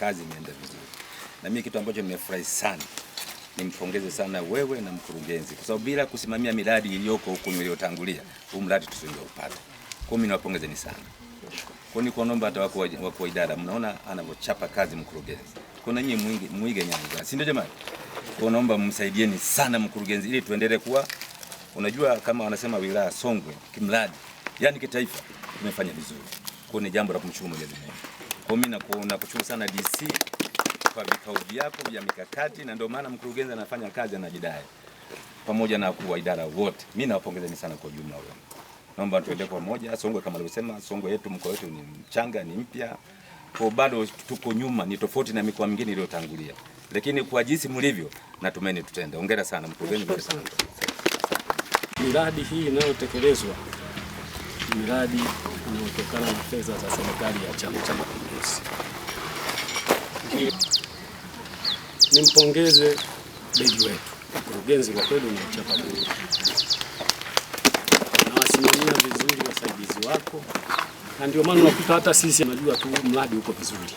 Kazi imeenda vizuri, na mimi kitu ambacho nimefurahi sana, nimpongeze sana wewe na mkurugenzi, kwa sababu bila kusimamia miradi iliyoko huku niliyotangulia, huu mradi tusingeupata. Kwa mimi nawapongezeni sana. Kwa ni kuomba hata wako wako idara, mnaona anavyochapa kazi mkurugenzi, kuna nyinyi mwingi mwige nyanga, si ndio jamani? Kwa naomba msaidieni sana mkurugenzi, ili tuendelee kuwa, unajua kama wanasema wilaya Songwe kimradi, yani kitaifa, tumefanya vizuri. Kwa ni jambo la kumshukuru Mwenyezi Mungu. Kwa mimi nakushukuru sana DC kwa vikao vyako vya mikakati, na ndio maana mkurugenzi anafanya kazi anajidai, pamoja na kuwa idara wote. Mimi nawapongezeni sana kwa ujumla wenu. Naomba tuende kwa moja. Songwe kama alivyosema, Songwe yetu mkoa wetu ni mchanga, ni mpya, kwa bado tuko nyuma, ni tofauti na mikoa mingine iliyotangulia, lakini kwa jinsi mlivyo, natumaini tutaenda. Hongera sana mkurugenzi, hongera sana. Miradi hii inayotekelezwa miradi inayotokana na fedha za serikali ya Chama cha Mapinduzi. Nimpongeze beji wetu mkurugenzi, kwa kweli ni mchapa buru, nawasimamia vizuri wasaidizi wako, na ndio maana unakuta hata sisi najua tu mradi uko vizuri.